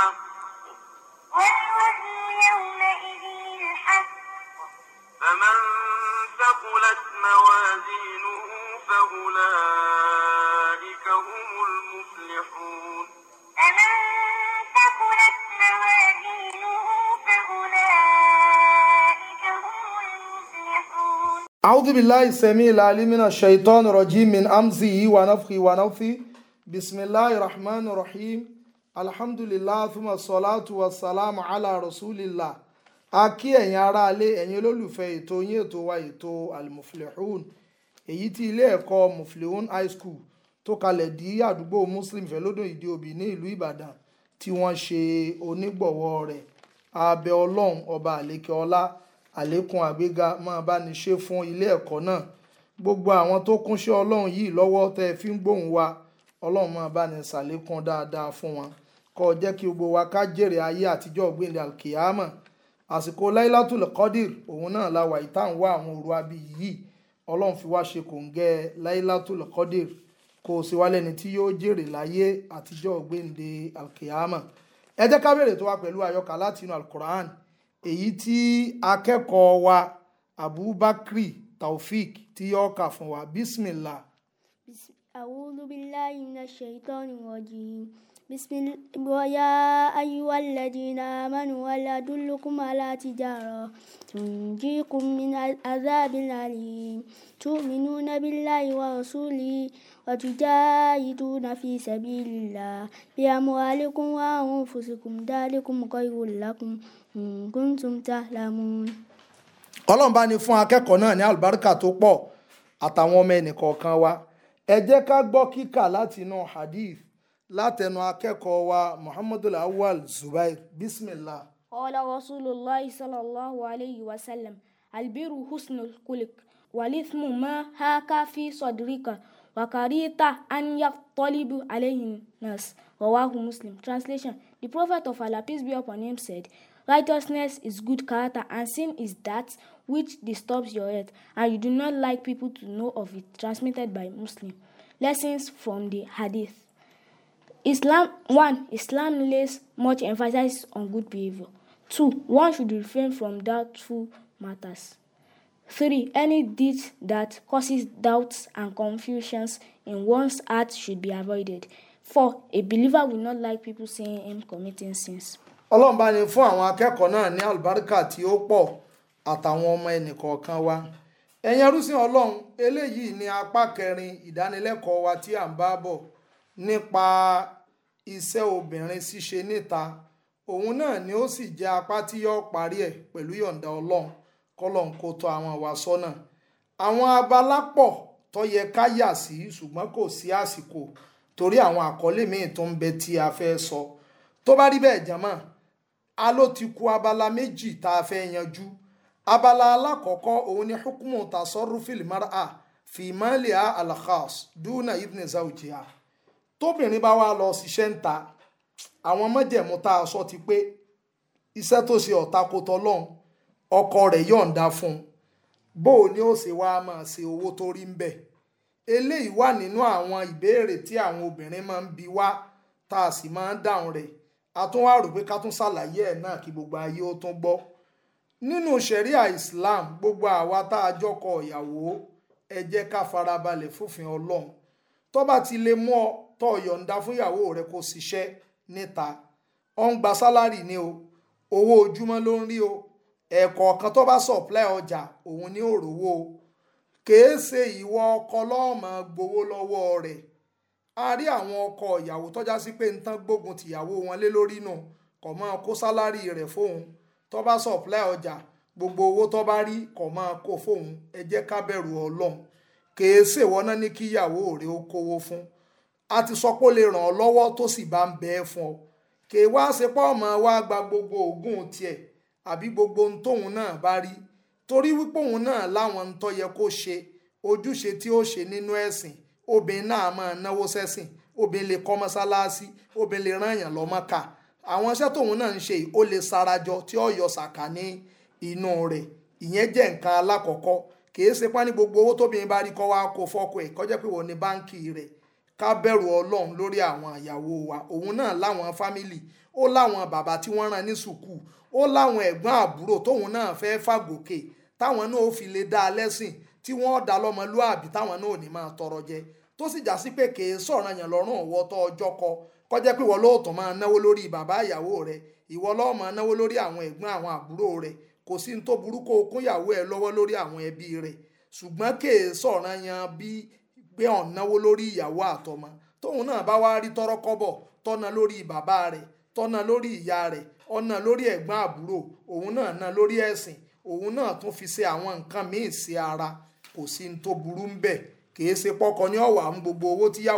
الحق والوزن يومئذ الحق فمن ثقلت موازينه فأولئك هم المفلحون فمن ثقلت موازينه فأولئك هم المفلحون أعوذ بالله السميع العليم من الشيطان الرجيم من أمزه ونفخه ونفخه بسم الله الرحمن الرحيم alhamdulilah thumma salatu wa salamu ala rasulillah a kí ẹ̀yin aráalé ẹ̀yin olólùfẹ́ ètò yín ètò wa ètò almuflihun èyí tí ilé ẹ̀kọ́ muflihun high school tó kalẹ̀ dí àdúgbò muslim fẹ́lódò ìdí òbí ní ìlú ìbàdàn tí wọ́n ṣe onígbọ̀wọ́ rẹ̀ abẹ ọlọ́run ọba àlékè ọlá àlékún àgbéga máa bá ní ṣe fún ilé ẹ̀kọ́ náà gbogbo àwọn tó kúnṣẹ́ ọlọ́run yìí lọ́wọ́ tẹ́ fi ń gbóhùn wa ọlọ́run máa bá ní ṣàlékún dáadáa fún wọn kó jẹ́ kí gbogbo wa ká jèrè ayé àtijọ́ ògbìnlẹ̀ alkiyama àsìkò láìlátùlù kọ́dìr òun náà la wà ìta ń wá àwọn òru abí yìí ọlọ́run fi wá ṣe kòǹgẹ́ láìlátùlù kọ́dìr kò sí wá lẹ́ni tí yóò jèrè láyé àtijọ́ ògbìnlẹ̀ alkiyama ẹ jẹ́ ká bẹ̀rẹ̀ tó wá pẹ̀lú àyọkà láti inú alukur'an èyí tí akẹ́kọ̀ọ́ wa abubakri taofik tí yóò kà fún wa bismillah. bismillah. أعوذ بالله من الشيطان الرجيم بسم الله ويا أيها الذين آمنوا ولا أدلكم على تجارة تنجيكم من عذاب أليم تؤمنون بالله ورسوله وتجاهدون في سبيل الله بأموالكم وأنفسكم ذلكم خير لكم إن كنتم تعلمون ọlọ́run bá ní fún akẹ́kọ̀ọ́ náà ní àlùbáríkà tó pọ̀ àtàwọn ọmọ ẹnì kọ̀ọ̀kan wa ẹ jẹ́ ká gbọ́ kíkà láti inú hadith látẹnu akẹ́kọ̀ọ́ wa muhammadu awal zubair bismillah. qala rasulillah sallallahu alayhi wa sallam albiru husnul kulik walithmu ma haka fi sodrika wakarita an yaktolibu alayhi nas rawahu muslim translation the prophet of allah peace be upon him said righteousness is good character and sin is that which disturbs your head and you do not like people to know of it transmitted by muslim. Lessons from the Hadith. Islam one Islam lays much emphasis on good behavior. Two, One should refrain from doubtful matters. Three, Any deed that causes doubts and confusions in one's heart should be avoided. 4. A believer will not like people seeing him committing sins. Ọlọ́run bá ní fún àwọn akẹ́kọ̀ọ́ náà ní àlùbáríkà tí ó pọ̀ àtàwọn ọmọ ẹnìkọ̀ọ̀kan wa ẹ̀yin ẹrúsìn ọlọ́run eléyìí ni apá kẹrin ìdánilẹ́kọ̀ọ́ wa tí à ń bá bọ̀ nípa iṣẹ́ obìnrin ṣíṣe níta òun náà ni ó sì jẹ́ apá tí yóò parí ẹ̀ pẹ̀lú yọ̀ǹda ọlọ́run kọ́lọ́run kó tọ́ àwọn ìwà sọ́nà àwọn abala pọ̀ tó yẹ ká yà sí ṣùgbọ́n kò sí àsìkò torí àwọn àkọlé míì tó ń bẹ tí a fẹ́ sọ tó bá rí bẹ́ẹ̀ jẹ́mọ́ a ló ti ku abala méjì tá a fẹ́ yanjú abala alákọ̀ọ́kọ́ òun ni hukumu tasorufil mara fìmọ́lẹ̀ alakhas dúnà ibn zawjiha tóbìnrin bá wá lọ ṣiṣẹ́ ń ta àwọn mọ́jẹ̀mú tá a sọ ti pé iṣẹ́ tó ṣe ọ̀tá kò tọ́lọ́n ọkọ rẹ̀ yọ̀ǹda fún un bó o ní ó ṣe wá máa ṣe owó tó rí ń bẹ̀ eléyìí wà nínú àwọn ìbéèrè tí àwọn obìnrin máa ń bi wá tá a sì máa ń dáhùn rẹ̀ a tún wá rò pé ká tún ṣàlàyé ẹ̀ náà kí gbogbo ayé ó tún gbọ́ nínú ṣẹ̀ríà Islam gbogbo àwa tá a jọkọ ìyàwó ẹ jẹ́ ká farabalẹ̀ fòfin Ọlọ́run tó bá ti lè mú ọ tó yọ̀ǹda fún ìyàwó rẹ kó ṣiṣẹ́ níta ọ ń gba sálárì ni o owó ojúmọ́ ló ń rí o ẹ̀kọ̀ọ̀kan tó bá supply ọjà òun ní òrówó o kèé ṣe ìwọ ọkọ lọ́ọ̀mọ́ gbowó lọ́wọ́ rẹ̀ a rí àwọn ọkọ ìyàwó tọ́já sí pé ń tán gbógun tìyàwó wọn lé lórí nù kọ̀ mọ́ kó sálárì rẹ̀ fóun tó bá supply ọjà gbogbo owó tó bá rí kó máa kó fóun ẹ jẹ́ ká bẹ̀rù ọlọ́run kèé ṣèwọ náà ní kíyàwó rẹ̀ ó kówó fún a ti sọ pé ó lè ràn ọ́ lọ́wọ́ tó sì bá ń bẹ́ẹ̀ fún ọ kèé wá ṣe pọ́ ọmọ wa gba gbogbo oògùn tiẹ̀ àbí gbogbo ohun tóun náà bá rí torí wípé òun náà láwọn ń tó yẹ kó ṣe ojúṣe tí ó ṣe nínú ẹ̀sìn obìnrin náà máa náwó sẹ́sìn obìnrin lè kọ́ mọ́sálásí obìnrin lè rán èèyàn lọ́mọ́ka àwọn iṣẹ́ tóun náà ń ṣe ó lè sarajọ tí ó yọ sàkà ní inú rẹ̀ ìyẹn jẹ́ nǹkan alákọ̀ọ́kọ́ kìí ṣe pa ní gbogbo owó tóbìnrin bá rí kọ́ wá kó fọ́kọ ẹ̀ kọjá pé wọ́n ní báǹkì rẹ̀ ká bẹ̀rù ọlọ́run lórí àwọn ìyàwó wa òun náà láwọn fámìlì ó láwọn bàbá tí wọ́n rán ní sùkúù ó láwọn ẹ̀gbọ́n àbúrò tóun náà fẹ́ fàgòkè táwọn náà ó fi lè dá a lẹ́sìn tí wọ́n dá lọ́mọlúàbí táwọn náà ò ní máa tọrọ jẹ tó sì já sí pé kìí sọ̀ràn yẹn lọ́rùn ọ̀wọ́ tó ọjọ́ kọ kọjá pé ìwọ lóòótọ́ máa náwó lórí bàbá ìyàwó rẹ ìwọ lọ́ọ́ máa náwó lórí àwọn ẹ̀gbọ́n àwọn àbúrò rẹ kò sí ní tó burú kó ìyàwó ẹ lọ́wọ́ lórí àwọn ẹbí rẹ ṣùgbọ́n kèé sọ̀ràn yan bí pé ọ̀n náwó lórí ìyàwó àtọmọ tóun náà bá wá rí tọrọ lórí bàbá rẹ lórí ìyá rẹ ọ̀nà lórí ẹ̀gbọ́n àbúrò òun náà na lórí ẹ̀sìn òun náà tún fi ṣe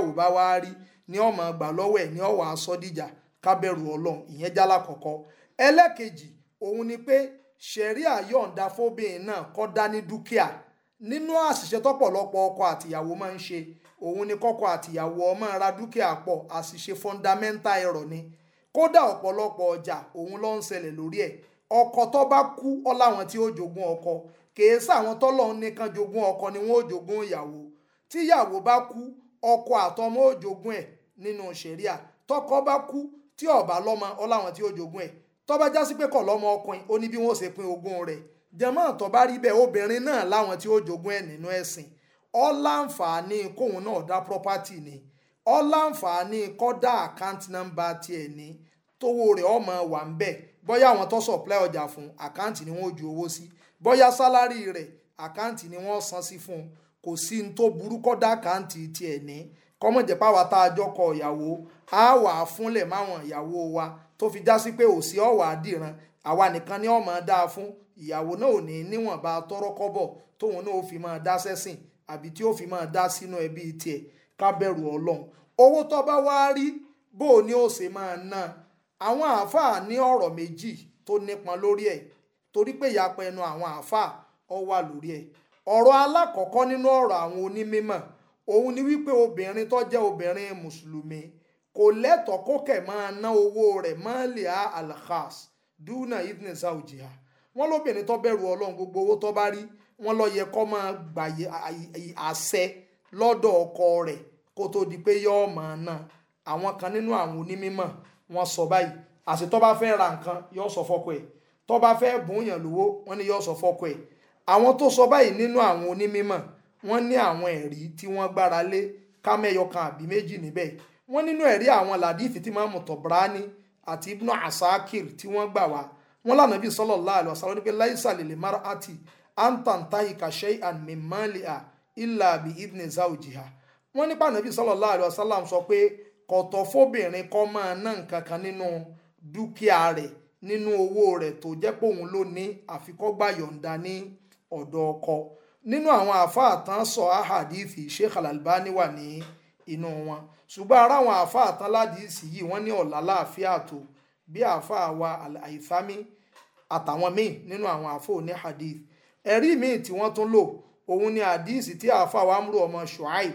àwọn ní ọmọ gbà lọ́wọ́ ẹ̀ ní ọwọ́ asọ́díjà kábẹ̀rù ọlọ́run ìyẹn jálá kọ̀kọ́ ẹlẹ́kejì òun ni pé ṣẹ̀ríà yọ̀ǹda fóbìnrin náà kọ́ dání dúkìá nínú àṣìṣe tọ́pọ̀lọpọ̀ ọkọ àtìyàwó máa ń ṣe òun ni kọ́kọ́ àtìyàwó ọmọ ra dúkìá pọ̀ àṣìṣe fọ́ndámẹ́ńtà ẹ̀rọ ni kódà ọ̀pọ̀lọpọ̀ ọjà òun ló ń ṣẹlẹ̀ lórí ẹ̀ ọkọ tó bá kú ọ láwọn tí ó jogún ọkọ kèé sáwọn tọ́lọ́run nìkan jogún ọkọ ni wọ́n ó jogún ìyàwó tíyàwó bá kú ọkọ àtọmọ òjògùn ẹ̀ nínú ṣẹ̀ríà tọkọ bá kú tí ó bá lọ́mọ ọláwọn tí ó jogún ẹ̀ tó bá jásí pé kò lọ́mọ ọkùnrin ó ní bí wọ́n ṣe pín ogún rẹ̀ jẹ̀mọ́ tó bá rí bẹ́ẹ̀ obìnrin náà láwọn tí ó jogún ẹ̀ nínú ẹ̀sìn ó láǹfààní kóun náà dá property ni ó láǹfààní kó dá account number tiẹ̀ ní tówó rẹ̀ ó máa wà ń bẹ̀ bóyá àwọn tó supply ọjà fún àkáǹtì ni wọ́n ju owó sí bóyá sálárì rẹ̀ àkáǹtì ni wọ́n san sí fún un kò sí ní tó burú kọ́dà kàǹtì tiẹ̀ ní kọ́mọ̀ páwa tá a jọ kọ ìyàwó á wà fúnlẹ̀ máwọn ìyàwó wa tó fi já sí pé òsì ọ̀wà àdìran àwa nìkan ni ọmọ a fún ìyàwó náà ò ní níwọ̀nba tọrọ kọ́bọ̀ tóun náà ó fi máa dá sẹ́sìn àbí tí ó fi máa dá sínú ẹbí tiẹ̀ ká bẹ̀rù ọlọ́run owó tó bá wá rí bó o ní ó ṣe máa ná àwọn àáfàá ní ọ̀rọ̀ méjì tó nípọn lórí ẹ̀ torí pé ìyapẹnu àwọn àáfàá ó wà lórí ẹ̀ ọ̀rọ̀ alákọ̀ọ́kọ́ nínú ọ̀rọ̀ àwọn onímọ̀ òun ni wípé obìnrin tó jẹ́ obìnrin mùsùlùmí kò lẹ́tọ̀ọ́ kó kẹ̀ máa ná owó rẹ̀ mọ́lẹ̀ alkhas dúnà ibn zawjiha wọ́n lóbìnrin tó bẹ̀rù ọlọ́run gbogbo owó tó bá rí wọ́n lọ yẹ kó máa gbàyè àṣẹ lọ́dọ̀ ọkọ rẹ̀ kó tó di pé yọ́ máa ná àwọn kan nínú àwọn onímọ̀ wọ́n sọ báyìí àṣẹ tó bá fẹ́ ra nǹkan yọ́ sọ fọ́kọ ẹ̀ tó bá fẹ́ bùn yàn lówó wọ́n ní yọ́ sọ fọ́kọ ẹ̀ àwọn tó sọ báyìí nínú àwọn onímọ̀ wọ́n ní àwọn ẹ̀rí tí wọ́n gbára lé kámẹ́yọ kan àbí méjì níbẹ̀ wọ́n nínú ẹ̀rí àwọn làdíìfì tí máa mú tọ̀brání àti ibnu asakir tí wọ́n gbà wá wọ́n lànà bíi sallallahu alaihi wasallam ní pé láìsà lèlè mar'ati antantahi kàṣẹ àmìmọ́lìà ìlà àbí ibni zawjiha wọ́n nípa nàbí sallallahu alaihi wasallam sọ pé kọ̀tọ̀ fóbìnrin kọ́ máa ná nǹkan kan nínú dúkìá rẹ̀ nínú owó rẹ̀ tó jẹ́ pé òun ló ní àfikọ́gbà yọ̀ǹda ní ọ̀dọ̀ ọkọ nínú àwọn àáfàá tán sọ ahadithi Sheikh Al-Albani wà ní inú wọn ṣùgbọ́n ara àwọn àáfàá tán ládìísì yìí wọ́n ní ọ̀la láàfíà tó bí àáfàá wa Al-Haythami àtàwọn míì nínú àwọn àáfàá òní hadith ẹ̀rí míì tí wọ́n tún lò òun ni hadisi tí àáfàá wa Amru ọmọ Shu'aib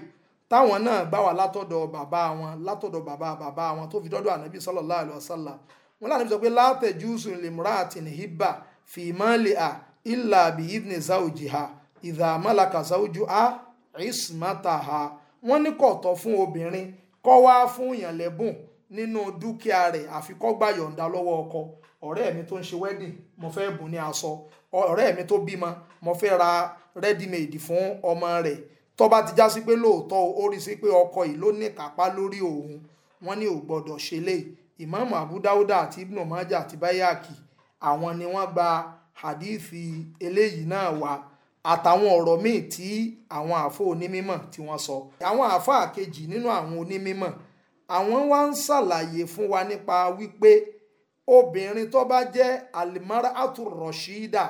táwọn náà bá wà látọ̀dọ̀ bàbá wọn látọ̀dọ̀ bàbá bàbá wọn tó fi dọ́dọ̀ ànábì sallallahu alaihi wasallam wọn láti sọ pé látẹ̀júsùn lèmúrà àti nìhíbà fìmọ́lẹ̀ à ilà àbí idni zawjiha ìdá amálàkà zawju a ismataha wọ́n ní kò tọ́ fún obìnrin kó wá fún yàn lẹ́bùn nínú dúkìá rẹ̀ àfi kó gba yọ̀ǹda lọ́wọ́ ọkọ ọ̀rẹ́ mi tó ń ṣe wedding mo fẹ́ bùn ní aṣọ ọ̀rẹ́ mi tó bímọ mo fẹ́ ra ready-made fún ọmọ rẹ̀ tó bá ti já sí pé lóòótọ́ ó rí sí pé ọkọ yìí ló ní kápá lórí òun wọ́n ní ò gbọ́dọ̀ ṣe lé ìmáàmù Abu àti Ibn Majah àti Bayaki àwọn ni wọ́n gba hadithi eléyìí náà wá àtàwọn ọ̀rọ̀ míì tí àwọn àfọ onímímọ̀ tí wọ́n sọ. àwọn àfọ àkejì nínú àwọn onímímọ̀ àwọn wá ń ṣàlàyé fún wa nípa wípé obìnrin tó bá jẹ́ alimara aturoshida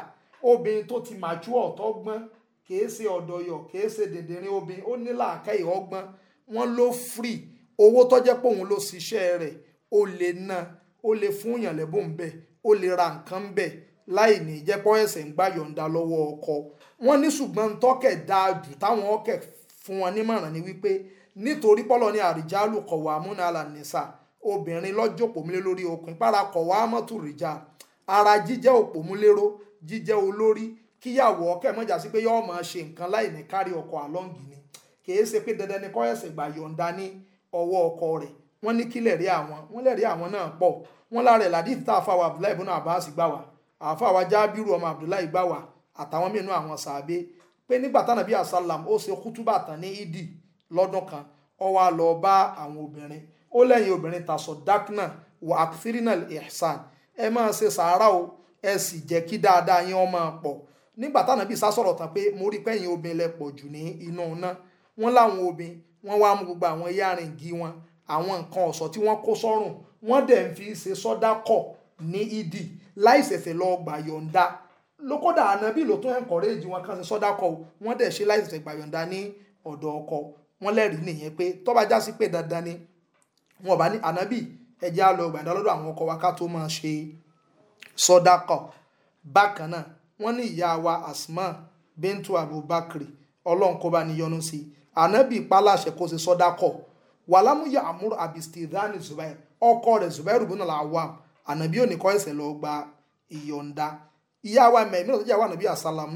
obìnrin tó ti màjú ọ̀tọ́ gbọ́n kìí ṣe ọ̀dọ̀yọ̀ kìí ṣe dèdèrìn obìnrin ó ní làákàyè ọgbọ́n wọn ló free owó tó jẹ́ pé òun ló ṣiṣẹ́ rẹ̀ ó lè ná ó lè fún yàn bẹ́ẹ̀ ó lè ra nǹkan bẹ́ẹ̀ láì ní jẹ́ pọ́ ẹ̀sẹ̀ ń gbà yọ̀ǹda lọ́wọ́ ọkọ wọ́n ní ṣùgbọ́n tọ́kẹ̀ dáa jù táwọn ọkẹ̀ fún wọn nímọ̀ràn ni wípé nítorí pọ́lọ́ ní àrìjálù kọ̀wá múnalà nìsà obìnrin lọ́jọ́pọ̀ múlé lórí okùn ìpara kọ̀wá mọ́tò rìjà ara jíjẹ́ òpó múléró jíjẹ́ olórí kíyàwó ọkẹ́ mọ́jà sí pé yọ́ọ́ máa ṣe nǹkan láì ní kárí ọkọ àlọ́ǹgì ni kìí ṣe pé dandan ni kọ́ ẹ̀sẹ̀ gbà yọ̀ǹda ní ọwọ́ ọkọ rẹ̀ wọ́n ní kílẹ̀ rí àwọn wọ́n lẹ̀ àwọn náà pọ̀ wọ́n lára ẹ̀ ládìí tá a Abdullahi ibùnà Abbas gbà wá àáfàá wa jábìrú ọmọ abdullahi gbà wá àtàwọn mìíràn àwọn sàábé pé nígbà tánàbí àsálàm ó ṣe kútúbà tán ní ìdí lọ́dún kan ó wá lọ bá àwọn obìnrin ó lẹ́yìn obìnrin tàṣọ dákínà wà àkífírínà ihsan ẹ máa ṣe sàárà o ẹ sì jẹ́ kí dáadáa yín ó máa pọ̀ nígbà tánàbí sá sọ̀rọ̀ tán pé mo rí pẹ́yìn obìnrin lẹ pọ̀ jù ní inú iná wọ́n láwọn obìnrin wọ́n wá mú gbogbo àwọn yáàrin wọn àwọn nǹkan ọ̀ṣọ́ tí wọ́n kó sọ́rùn wọ́n dẹ̀ ń fi ṣe sọ́dá kọ̀ ní ìdí láìsẹ̀sẹ̀ lọ gbà yọ̀ǹda lókódà ànábì ló tún encourage wọn kan ṣe sọ́dá kọ wọ́n dẹ̀ ṣe láìsẹ̀sẹ̀ gbà yọ̀ǹda ní ọ̀dọ̀ ọkọ wọn lẹ́rìí nìyẹn pé tó já sí pé dandan ni wọn ò bá ní ànábì ẹjẹ́ á lọ gbàdá lọ́dọ̀ àwọn ọkọ wa ká tó máa ṣe sọ́dá kọ bákan náà wọ́n ní ìyá wa Asma bintu Abubakri ọlọ́run kó bá ní yọ́nú sí ànábì paláṣẹ kó ṣe sọ́dá kọ wàlámúyà àmúrò àbìsítì ìdánì Zubair ọkọ rẹ̀ Zubair rúbùnà anabi òní kọ́ ẹ̀sẹ̀ gba ìyọ̀ǹda ìyá wa mẹ́rin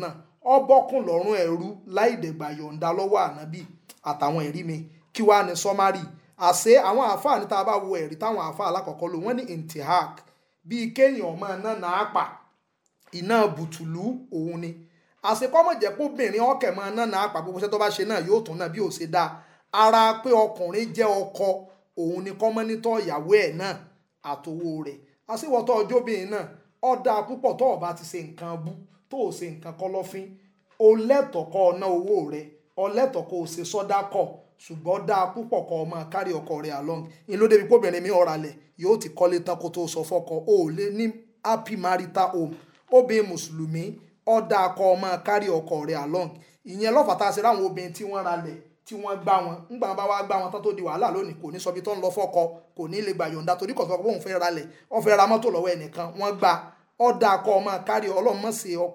náà ọ bọ́kùn lọ́rùn ẹ̀rú láì dẹ̀gbà anabi àtàwọn ẹ̀rí mi kí wàá ní sọ́márì àṣé àwọn àáfàá ní bá wo ẹ̀rí táwọn àáfàá alákọ̀ọ́kọ́ lò wọ́n ní intihak kéèyàn ni náà pa gbogbo iṣẹ́ bá ṣe náà yóò tún ara pé òun ni ìyàwó náà àṣewọ̀tọ̀ ọjọ́bìnrin náà ọ̀dà púpọ̀ tó o ti ṣe nǹkan bú tó o ṣe nǹkan kọ̀lọ̀fín o lẹ́tọ̀ọ́ kọ́ ọ̀nà owó rẹ o lẹ́tọ̀ọ́ kó o ṣe sọ́dá kọ̀ ṣùgbọ́n dáa púpọ̀ kọ́ ọ kárí ọkọ rẹ̀ along in ló débi kóbìnrin mi ọ̀rà lẹ̀ yóò ti kọ́lé tán kó tó sọ fọ́kọ o ò lè ní happy marital home obìnrin mùsùlùmí ó dáa kọ́ ọ máa kárí ọkọ rẹ̀ along ìyẹn lọ́fà tá a ṣe ráwọn obìnrin tí wọ́n ra lẹ̀ tí wọ́n gbá wọn ńgbà wọn bá wá gbá wọn tán tó di wàhálà lónìí kò ní sọ ibi tó ń lọ fọ́kọ kò ní lè gbà yọ̀ǹda torí kò sọ pé òun fẹ́ ra lẹ̀ ó fẹ́ ra mọ́tò lọ́wọ́ ẹnìkan wọ́n gba ọ̀dà akọ ọmọ kárí ọlọ́mọ̀sẹ̀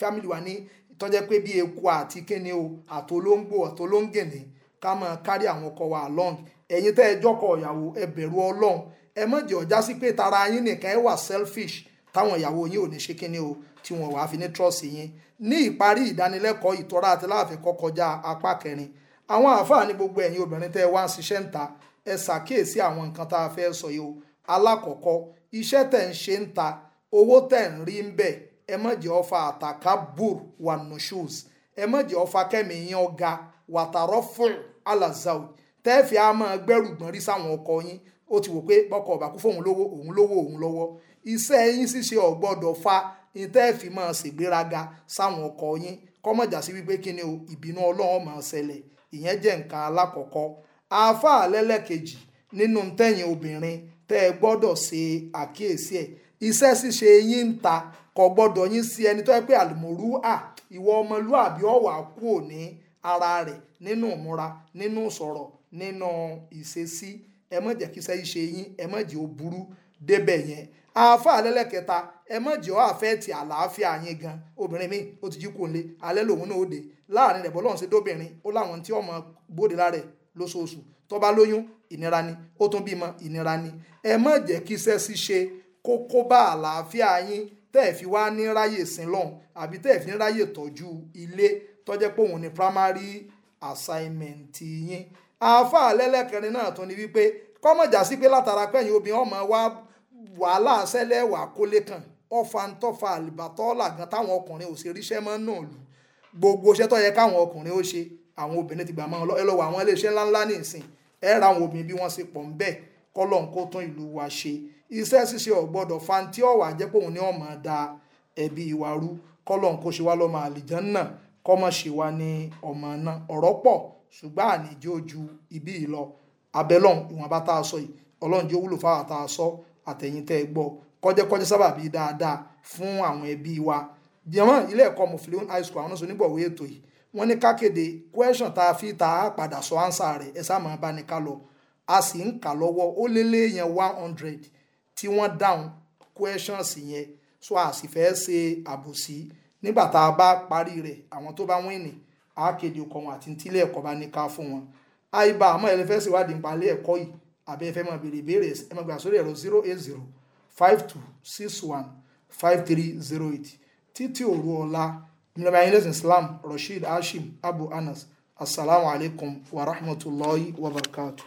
fámìlì wa ní tọ́jẹ́ pé bí eku àti kíni o àtolóńgbò àtolóńgìnì ká máa kárí àwọn ọkọ wa along ẹ̀yin tẹ́ ẹ jọ́kọ̀ ìyàwó ẹ bẹ̀rù ọlọ́run ẹ má jẹ́ ọjà sí pé tara selfish táwọn ìyàwó yín o tí wọn wàá fi ní trust yín ní ìparí ìdánilẹ́kọ̀ọ́ ìtọ́ra àti láàfin kọ́kọjá apá àwọn àfáà ní gbogbo ẹ̀yìn obìnrin tẹ́ wá ń ṣiṣẹ́ ń ta ẹ ṣàkíyèsí àwọn nǹkan tá a fẹ́ sọ yìí o alákọ̀ọ́kọ́ iṣẹ́ tẹ̀ ń ṣe ń ta owó tẹ̀ ń rí ń bẹ̀ ẹ má ọfà àtàkà bùr wà nù shoes ẹ má ọfà kẹ́mi yín ọ̀gá wàtàrọ̀ fún alazawi fa máa ṣègbéraga sáwọn ọkọ yín kọ́mọ̀jà sí wípé o ìbínú ọlọ́run máa ìyẹn jẹ́ nǹkan alákọ̀ọ́kọ́ àáfàá lẹ́lẹ́kejì nínú tẹ̀yìn obìnrin tẹ́ ẹ gbọ́dọ̀ ṣe àkíyèsí ẹ̀ iṣẹ́ ṣíṣe yín ń ta kò gbọ́dọ̀ yín sí ẹni tó yẹ pé àlùmọ́rú à ìwọ ọmọlúàbí ọ̀wà kú òní ara rẹ̀ nínú ìmúra nínú sọ̀rọ̀ nínú ìṣesí ẹ má jẹ́ ṣe yín ẹ má ó burú débẹ̀ yẹn àáfàá lẹ́lẹ́kẹta ẹ má jẹ́ ọ́ àfẹ́ẹ̀tì àlàáfíà yín gan obìnrin mi ó ti jí kò lé alẹ́ lòun náà ó dé láàrin rẹ̀ bọ́lọ́run ṣe dóbìnrin ó láwọn tí ọmọ bóde lára ẹ̀ lóṣooṣù tó bá lóyún ìnira ni ó tún bímọ ìnira ni ẹ má jẹ́ kí iṣẹ́ ṣíṣe kó kó bá àlàáfíà yín tẹ́ ẹ̀ fi wá ní ráyè sin lọ́hùn àbí tẹ́ ẹ̀ fi ní ráyè tọ́jú ilé tọ́jẹ́ pé òun ni primary assignment yín àáfàá lẹ́lẹ́kẹrin náà tún ni wípé kọ́mọ̀jà sí pé látara pẹ́yìn obìnrin ọmọ wa wàhálà ṣẹlẹ̀ wà kólé kàn ọfà ń tọ́fà àlìbàtọ́ làgán táwọn ọkùnrin ò ṣe ríṣẹ́ mọ́ náà lù gbogbo iṣẹ́ tó yẹ káwọn ọkùnrin ó ṣe àwọn obìnrin ti gbà máa lọ ẹ lọ́wọ́ àwọn iléeṣẹ́ ńláńlá ní ìsìn ẹ ra àwọn obìnrin bí wọ́n ṣe pọ̀ ń bẹ̀ kọ́lọ́n tún ìlú wa ṣe iṣẹ́ ṣíṣe ọ̀gbọ́dọ̀ fantí ọ̀wà jẹ́ pé òun ni ọ̀mọ̀ da ẹbí ìwà rú kọ́lọ́n kó ṣe wá lọ́mọ àlìjánná kọ́mọ ṣe wá ní ọmọ náà ọ̀rọ̀ pọ̀ ṣùgbọ́n àníjẹ́ ojú ibí ìlọ abẹ́lọ́n ìwọ̀nba tá a sọ yìí ọlọ́run jẹ́ wúlò fáwọn tá àtẹ̀yìntẹ́ gbọ́ kọjẹ́ kọjẹ́ sábàbí dáadáa fún àwọn ẹbí wa jẹ̀mọ́ ilé ẹ̀kọ́ mufiliun high school àwọn onígbọ̀wé ètò yìí wọ́n ní kákéde question tá a fi ta á padà sọ ánsà rẹ̀ ẹ sáà máa bá ní ká lọ a sì ń kà lọ́wọ́ ó lé léèyàn one hundred tí wọ́n dáhùn questions yẹn so a sì fẹ́ ṣe àbòsí nígbà tá a bá parí rẹ̀ àwọn tó bá wín ní a kéde ọkọ̀ wọn àti tílé ẹ̀kọ́ bá ní ká fún wọn àìbá àmọ́ ẹ fẹ́ ṣèwádìí nípa ilé ẹ̀kọ́ yìí àbẹ́ ẹ fẹ́ ìbéèrè ẹ sórí ẹ̀rọ zero eight zero five two six one five three zero eight títí òru ọ̀la nílẹ̀ ayélujára islam rasheed hashim abu anas asalaamualeykum wa rahmatulahi wa barakatuh.